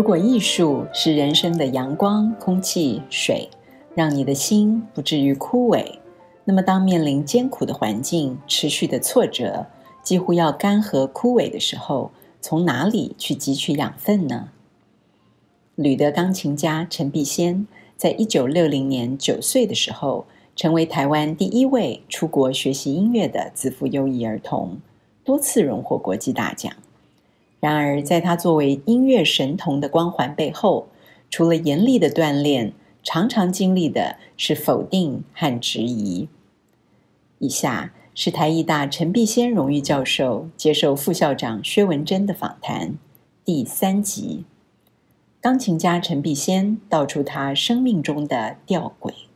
如果藝術是人生的陽光、空氣、水，讓你的心不至於枯萎，那麼當面臨艱苦的環境、持續的挫折，幾乎要乾涸枯萎的時候，從哪裡去汲取養分呢？旅德鋼琴家陳必先，在一九六零年九歲的時候，成為台灣第一位出國學習音樂的資賦優異兒童，多次榮獲國際大獎。然而，在他作為音樂神童的光環背後，除了嚴厲的鍛鍊，常常經歷的是否定和質疑。以下是台藝大陳必先榮譽教授接受副校長薛文珍的訪談，第三集。鋼琴家陳必先道出他生命中的弔詭。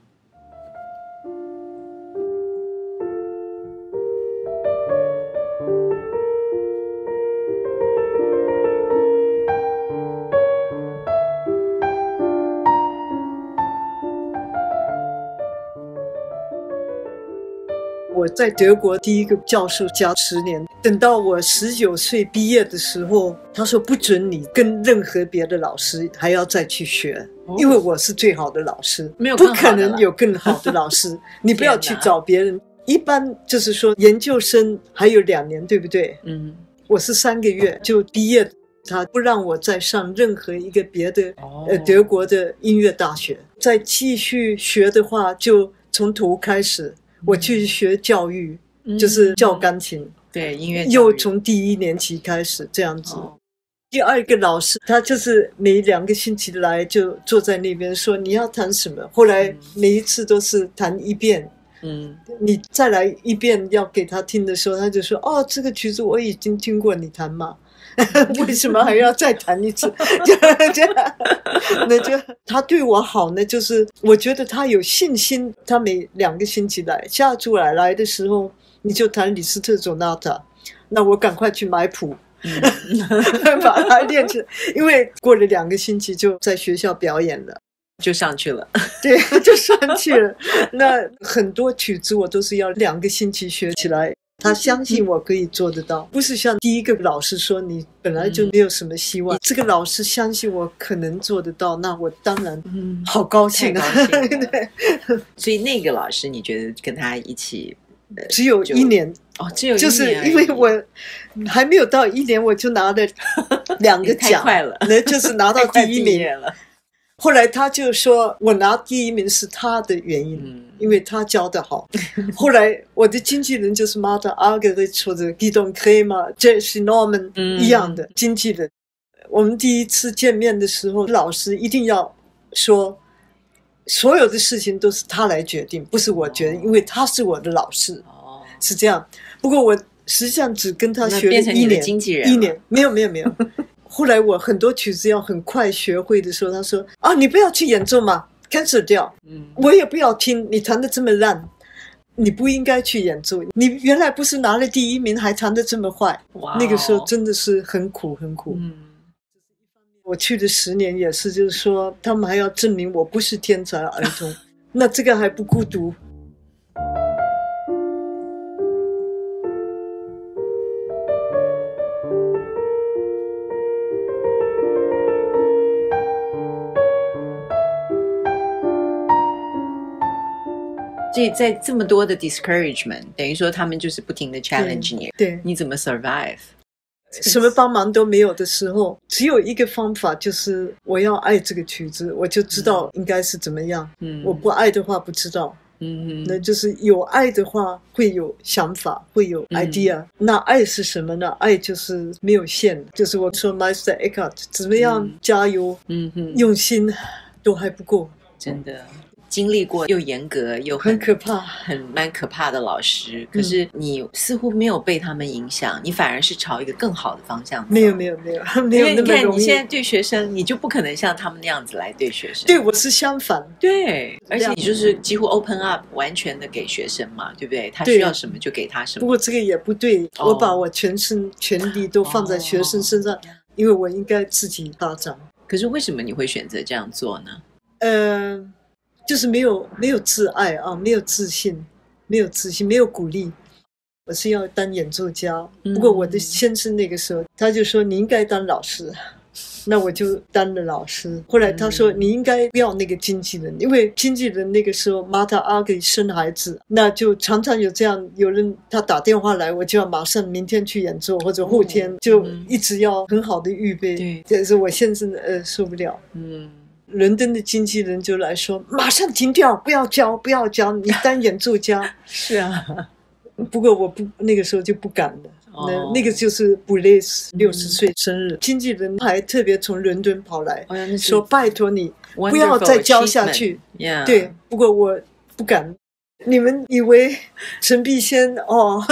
我在德國第一個教授教十年，等到我十九歲畢業的時候，他說不准你跟任何別的老師還要再去學，哦、因為我是最好的老師，沒有不可能有更好的老師， 你不要去找別人。一般就是說研究生還有兩年，對不對？嗯，我是三個月就畢業，他不讓我再上任何一個別的呃德國的音樂大學、哦，再繼續學的話，就從頭開始。我去學教育，嗯、就是教鋼琴、嗯，對音樂。又從第一年級開始這樣子、哦。第二個老師，他就是每兩個星期來，就坐在那邊說，你要彈什麼。後來每一次都是彈一遍，嗯，你再來一遍要給他聽的時候，他就說哦，這個曲子我已經聽過你彈嘛。 為什麼還要再彈一次？ 就這樣，那就，他對我好呢，就是我覺得他有信心。他每兩個星期來，下周來來的時候，你就彈李斯特奏納塔，那我趕快去買譜， 把它練成，因為過了兩個星期就在學校表演了，就上去了，對，就上去了。 那很多曲子我都是要兩個星期學起來。他相信我可以做得到，不是像第一個老師說，你本來就沒有什麼希望。嗯、這個老師相信我可能做得到，那我當然好高興啊！嗯、太高興了 對，所以那個老師，你覺得跟他一起、呃、只有一年哦，只有一年，一年，就是因為我還沒有到一年，我就拿了兩個獎，快了那 就是拿到第一名了。後來他就說，我拿第一名是他的原因，因為他教得好。嗯、後來我的經紀人就是 Martha Argerich 的 Gidon Kremer、Jessye Norman 一樣的經紀人。嗯、我們第一次見面的時候，老師一定要說，所有的事情都是他來決定，不是我決定，哦、因為他是我的老師，哦、是這樣。不過我實際上只跟他學了一年，經紀人一年沒有沒有沒有。沒有沒有 後來我很多曲子，要很快學會的時候，他說：“啊，你不要去演奏嘛，cancel 掉。嗯，我也不要聽你彈得這麼爛，你不應該去演奏。你原來不是拿了第一名，還彈得這麼壞。哇、wow，那個時候真的是很苦很苦。嗯，我去了十年也是，就是說他們還要證明我不是天才兒童， 那這個還不孤獨。”所以在這麼多的 discouragement，等於說他們就是不停的 challenge 你，對，對你怎麼 survive？什麼幫忙都沒有的時候，只有一個方法，就是我要愛這個曲子，我就知道應該是怎麼樣。嗯，我不愛的話不知道。嗯嗯，那就是有愛的話會有想法，嗯、會有 idea、嗯。那愛是什麼呢？愛就是沒有限，就是我說 Master Eckhart 怎麼樣加油？嗯哼、嗯嗯，用心都還不夠，真的。經歷過又嚴格又很，很可怕，很蠻可怕的老師，嗯，可是你似乎沒有被他們影響，你反而是朝一個更好的方向。沒有，沒，有沒有，沒有，沒有，沒有那麼容易。因為你看，你現在對學生，你就不可能像他們那樣子來對學生。對我是相反，對，而且你就是幾乎 open up 完全的給學生嘛，對不對？他需要什麼就給他什麼。不過這個也不對，我把我全身全力都放在學生身上，哦，因為我應該自己大漲。可是為什麼你會選擇這樣做呢？嗯、呃。就是沒有沒有自愛啊，沒有自信，沒有自信，沒有鼓勵。我是要當演奏家，不過我的先生那個時候、嗯、他就說，你應該當老師，那我就當了老師。後來他說，你應該不要那個經紀人、嗯，因為經紀人那個時候馬、嗯、她阿給生孩子，那就常常有這樣有人他打電話來，我就要馬上明天去演奏，或者後天就一直要很好的預備。嗯、對，這是我先生呃受不了。嗯。倫敦的經紀人就來說：“馬上停掉，不要教，不要教。你單演奏家。 ”是啊，不過我不那個時候就不敢了。Oh. 那那個就是布雷斯六十歲、嗯、生日，經紀人還特別從倫敦跑來、oh, 說：“拜托你、Wonderful、不要再教下去。” yeah. 對，不過我不敢。你們以為陳必先哦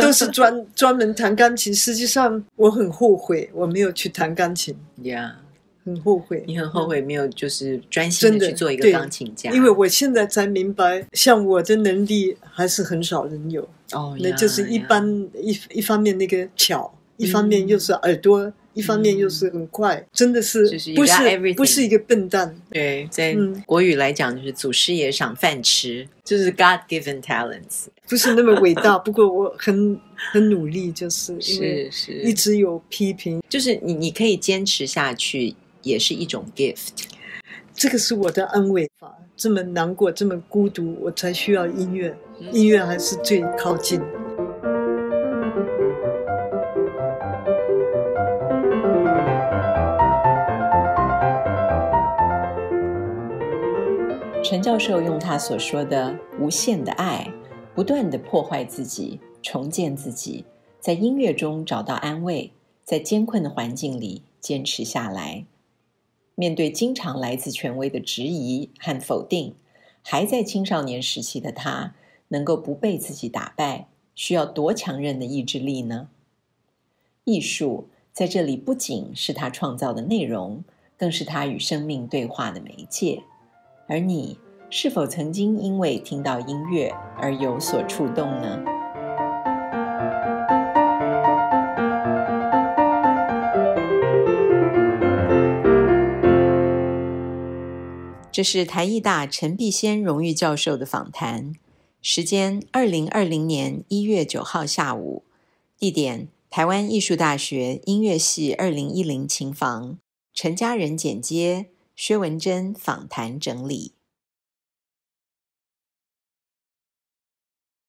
都是專 專門彈鋼琴，實際上我很後悔，我沒有去彈鋼琴。Yeah. 很後悔，你很後悔、嗯、沒有就是專心的去做一個鋼琴家，因為我現在才明白，像我的能力還是很少人有。哦、oh, yeah,，那就是一般、yeah. 一一方面那個巧，mm -hmm. 一方面又是耳朵，mm -hmm. 一方面又是很快，真的是不是不是一個笨蛋？對，在、嗯、國語來講就是祖師爺賞飯吃，就是 God-given talents， 不是那麼偉大。不過我很很努力，就是是，是一直有批評，是是就是你你可以堅持下去。也是一種 gift，這個是我的安慰法。這麼難過，這麼孤獨，我才需要音樂。音樂還是最靠近。嗯。陳教授用他所說的“無限的愛”，不斷的破壞自己，重建自己，在音樂中找到安慰，在艱困的環境裡堅持下來。面對經常來自權威的質疑和否定，還在青少年時期的他，能夠不被自己打敗，需要多強韌的意志力呢？藝術在這裡不僅是他創造的內容，更是他與生命對話的媒介。而你是否曾經因為聽到音樂而有所觸動呢？這是台藝大陳必先榮譽教授的訪談，時間二零二零年一月九號下午，地點台灣藝術大學音樂系二零一零琴房，陳嘉壬剪接，薛文珍訪談整理。